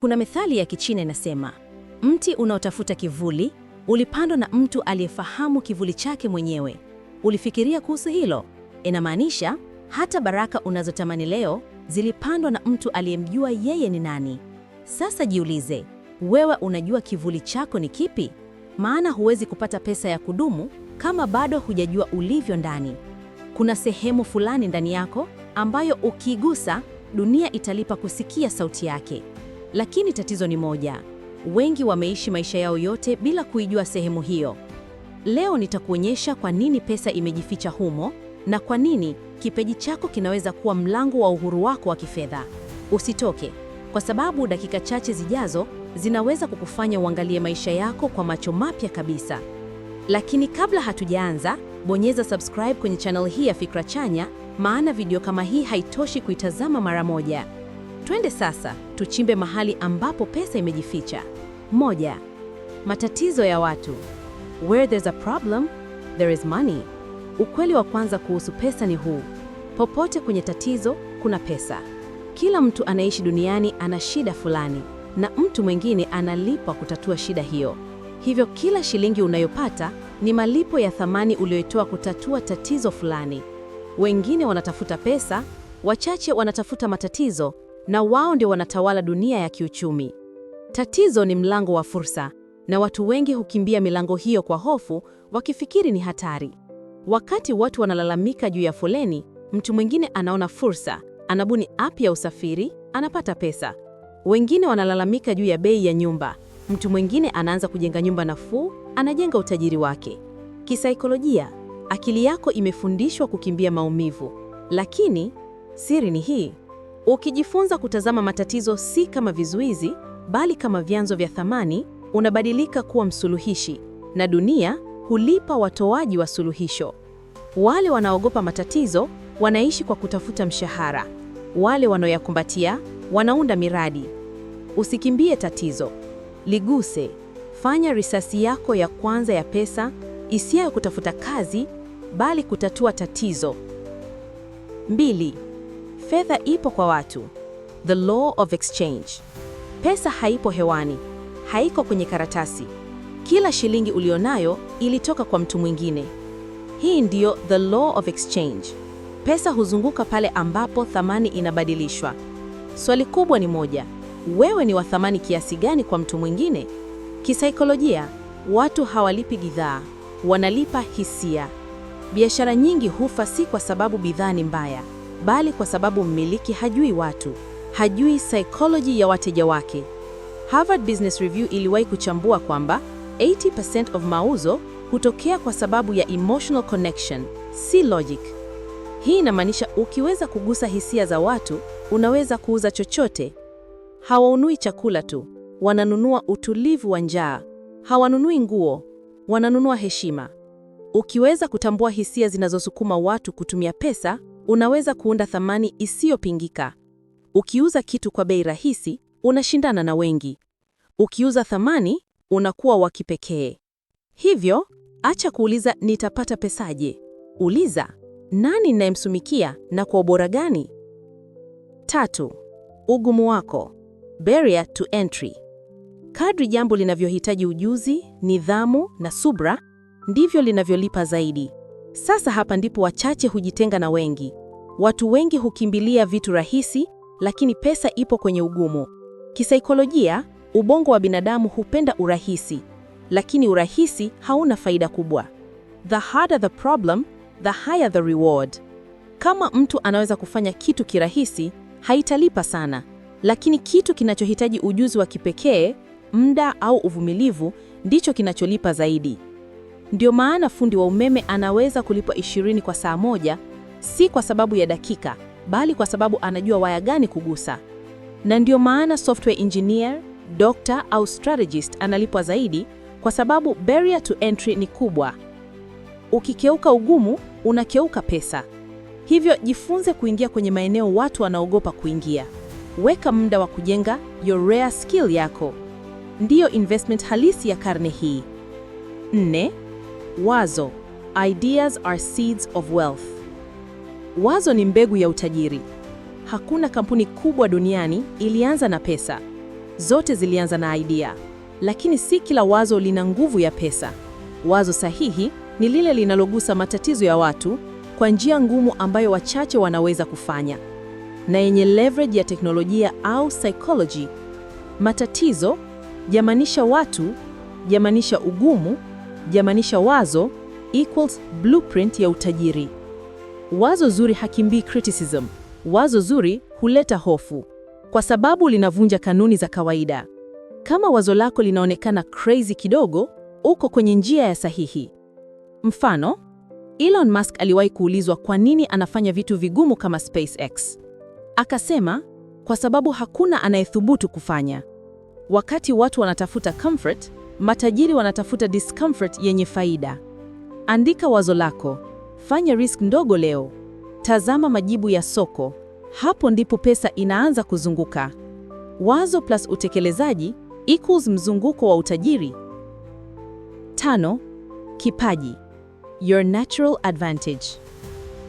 Kuna methali ya Kichina inasema, mti unaotafuta kivuli ulipandwa na mtu aliyefahamu kivuli chake mwenyewe. Ulifikiria kuhusu hilo? Inamaanisha hata baraka unazotamani leo zilipandwa na mtu aliyemjua yeye ni nani. Sasa jiulize, wewe unajua kivuli chako ni kipi? Maana huwezi kupata pesa ya kudumu kama bado hujajua ulivyo ndani. Kuna sehemu fulani ndani yako ambayo ukiigusa dunia italipa kusikia sauti yake. Lakini tatizo ni moja, wengi wameishi maisha yao yote bila kuijua sehemu hiyo. Leo nitakuonyesha kwa nini pesa imejificha humo na kwa nini kipaji chako kinaweza kuwa mlango wa uhuru wako wa kifedha. Usitoke, kwa sababu dakika chache zijazo zinaweza kukufanya uangalie maisha yako kwa macho mapya kabisa. Lakini kabla hatujaanza, bonyeza subscribe kwenye channel hii ya Fikra Chanya, maana video kama hii haitoshi kuitazama mara moja. Twende sasa tuchimbe mahali ambapo pesa imejificha. Moja, matatizo ya watu. Where there's a problem, there is money. Ukweli wa kwanza kuhusu pesa ni huu: popote kwenye tatizo kuna pesa. Kila mtu anaishi duniani ana shida fulani, na mtu mwingine analipwa kutatua shida hiyo. Hivyo kila shilingi unayopata ni malipo ya thamani uliyoitoa kutatua tatizo fulani. Wengine wanatafuta pesa, wachache wanatafuta matatizo, na wao ndio wanatawala dunia ya kiuchumi. Tatizo ni mlango wa fursa, na watu wengi hukimbia milango hiyo kwa hofu, wakifikiri ni hatari. Wakati watu wanalalamika juu ya foleni, mtu mwingine anaona fursa, anabuni app ya usafiri, anapata pesa. Wengine wanalalamika juu ya bei ya nyumba, mtu mwingine anaanza kujenga nyumba nafuu, anajenga utajiri wake. Kisaikolojia, akili yako imefundishwa kukimbia maumivu, lakini siri ni hii. Ukijifunza kutazama matatizo si kama vizuizi, bali kama vyanzo vya thamani, unabadilika kuwa msuluhishi, na dunia hulipa watoaji wa suluhisho. Wale wanaogopa matatizo wanaishi kwa kutafuta mshahara, wale wanaoyakumbatia wanaunda miradi. Usikimbie tatizo, liguse. Fanya risasi yako ya kwanza ya pesa isiyo kutafuta kazi, bali kutatua tatizo. Mbili fedha ipo kwa watu. The law of exchange. Pesa haipo hewani, haiko kwenye karatasi. Kila shilingi ulionayo ilitoka kwa mtu mwingine. Hii ndiyo the law of exchange. Pesa huzunguka pale ambapo thamani inabadilishwa. Swali kubwa ni moja, wewe ni wa thamani kiasi gani kwa mtu mwingine? Kisaikolojia, watu hawalipi bidhaa, wanalipa hisia. Biashara nyingi hufa si kwa sababu bidhaa ni mbaya bali kwa sababu mmiliki hajui watu, hajui psychology ya wateja wake. Harvard Business Review iliwahi kuchambua kwamba 80% of mauzo hutokea kwa sababu ya emotional connection, si logic. Hii inamaanisha ukiweza kugusa hisia za watu, unaweza kuuza chochote. Hawaunui chakula tu, wananunua utulivu wa njaa. Hawanunui nguo, wananunua heshima. Ukiweza kutambua hisia zinazosukuma watu kutumia pesa, unaweza kuunda thamani isiyopingika. Ukiuza kitu kwa bei rahisi, unashindana na wengi. Ukiuza thamani, unakuwa wa kipekee. Hivyo, acha kuuliza nitapata pesaje? Uliza nani ninayemsumikia na kwa ubora gani? Tatu, ugumu wako, barrier to entry. Kadri jambo linavyohitaji ujuzi, nidhamu na subra, ndivyo linavyolipa zaidi. Sasa hapa ndipo wachache hujitenga na wengi. Watu wengi hukimbilia vitu rahisi, lakini pesa ipo kwenye ugumu. Kisaikolojia, ubongo wa binadamu hupenda urahisi, lakini urahisi hauna faida kubwa. The harder the problem, the higher the reward. Kama mtu anaweza kufanya kitu kirahisi, haitalipa sana, lakini kitu kinachohitaji ujuzi wa kipekee, muda au uvumilivu ndicho kinacholipa zaidi. Ndio maana fundi wa umeme anaweza kulipwa ishirini kwa saa moja, si kwa sababu ya dakika, bali kwa sababu anajua waya gani kugusa. Na ndio maana software engineer, doctor au strategist analipwa zaidi, kwa sababu barrier to entry ni kubwa. Ukikeuka ugumu, unakeuka pesa. Hivyo jifunze kuingia kwenye maeneo watu wanaogopa kuingia. Weka muda wa kujenga your rare skill yako. Ndiyo investment halisi ya karne hii. Nne, Wazo, ideas are seeds of wealth. Wazo ni mbegu ya utajiri. Hakuna kampuni kubwa duniani ilianza na pesa. Zote zilianza na idea, lakini si kila wazo lina nguvu ya pesa. Wazo sahihi ni lile linalogusa matatizo ya watu kwa njia ngumu ambayo wachache wanaweza kufanya, na yenye leverage ya teknolojia au psychology. Matatizo jamanisha watu, jamanisha ugumu jamanisha wazo equals blueprint ya utajiri. Wazo zuri hakimbii criticism. Wazo zuri huleta hofu kwa sababu linavunja kanuni za kawaida. Kama wazo lako linaonekana crazy kidogo, uko kwenye njia ya sahihi. Mfano, Elon Musk aliwahi kuulizwa kwa nini anafanya vitu vigumu kama SpaceX. Akasema, kwa sababu hakuna anayethubutu kufanya. Wakati watu wanatafuta comfort, Matajiri wanatafuta discomfort yenye faida. Andika wazo lako, fanya risk ndogo leo, tazama majibu ya soko. Hapo ndipo pesa inaanza kuzunguka. Wazo plus utekelezaji equals mzunguko wa utajiri. Tano, kipaji, your natural advantage.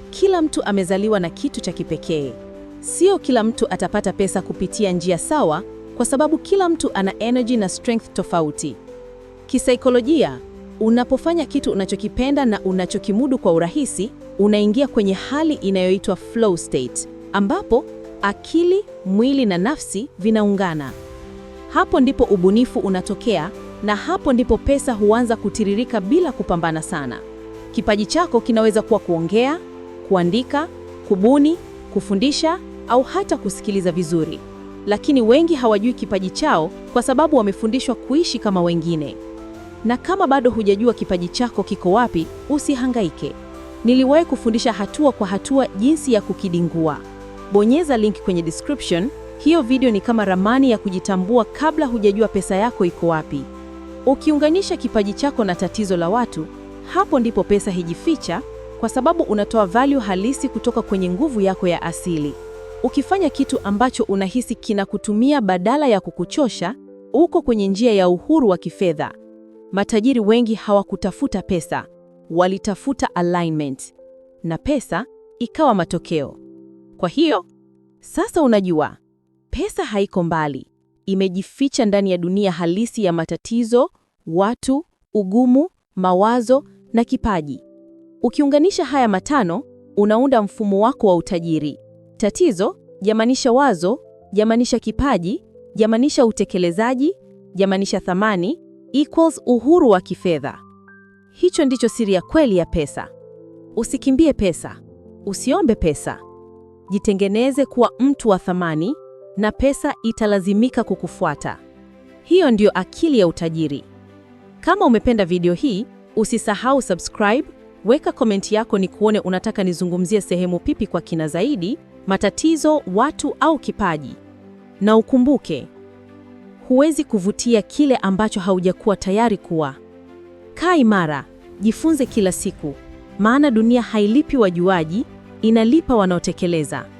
Kila mtu amezaliwa na kitu cha kipekee. Sio kila mtu atapata pesa kupitia njia sawa, kwa sababu kila mtu ana energy na strength tofauti. Kisaikolojia, unapofanya kitu unachokipenda na unachokimudu kwa urahisi, unaingia kwenye hali inayoitwa flow state, ambapo akili, mwili na nafsi vinaungana. Hapo ndipo ubunifu unatokea na hapo ndipo pesa huanza kutiririka bila kupambana sana. Kipaji chako kinaweza kuwa kuongea, kuandika, kubuni, kufundisha au hata kusikiliza vizuri. Lakini wengi hawajui kipaji chao kwa sababu wamefundishwa kuishi kama wengine. Na kama bado hujajua kipaji chako kiko wapi, usihangaike. Niliwahi kufundisha hatua kwa hatua jinsi ya kukidingua. Bonyeza link kwenye description. Hiyo video ni kama ramani ya kujitambua kabla hujajua pesa yako iko wapi. Ukiunganisha kipaji chako na tatizo la watu, hapo ndipo pesa hijificha kwa sababu unatoa value halisi kutoka kwenye nguvu yako ya asili. Ukifanya kitu ambacho unahisi kinakutumia badala ya kukuchosha, uko kwenye njia ya uhuru wa kifedha. Matajiri wengi hawakutafuta pesa, walitafuta alignment na pesa ikawa matokeo. Kwa hiyo sasa unajua pesa haiko mbali, imejificha ndani ya dunia halisi ya matatizo, watu, ugumu, mawazo na kipaji. Ukiunganisha haya matano, unaunda mfumo wako wa utajiri. Tatizo jamanisha wazo, jamanisha kipaji, jamanisha utekelezaji, jamanisha thamani equals uhuru wa kifedha. Hicho ndicho siri ya kweli ya pesa. Usikimbie pesa, usiombe pesa, jitengeneze kuwa mtu wa thamani na pesa italazimika kukufuata. Hiyo ndiyo akili ya utajiri. Kama umependa video hii, usisahau subscribe, weka komenti yako ni kuone unataka nizungumzie sehemu pipi kwa kina zaidi, matatizo, watu au kipaji. Na ukumbuke, huwezi kuvutia kile ambacho haujakuwa tayari kuwa. Kaa imara, jifunze kila siku, maana dunia hailipi wajuaji, inalipa wanaotekeleza.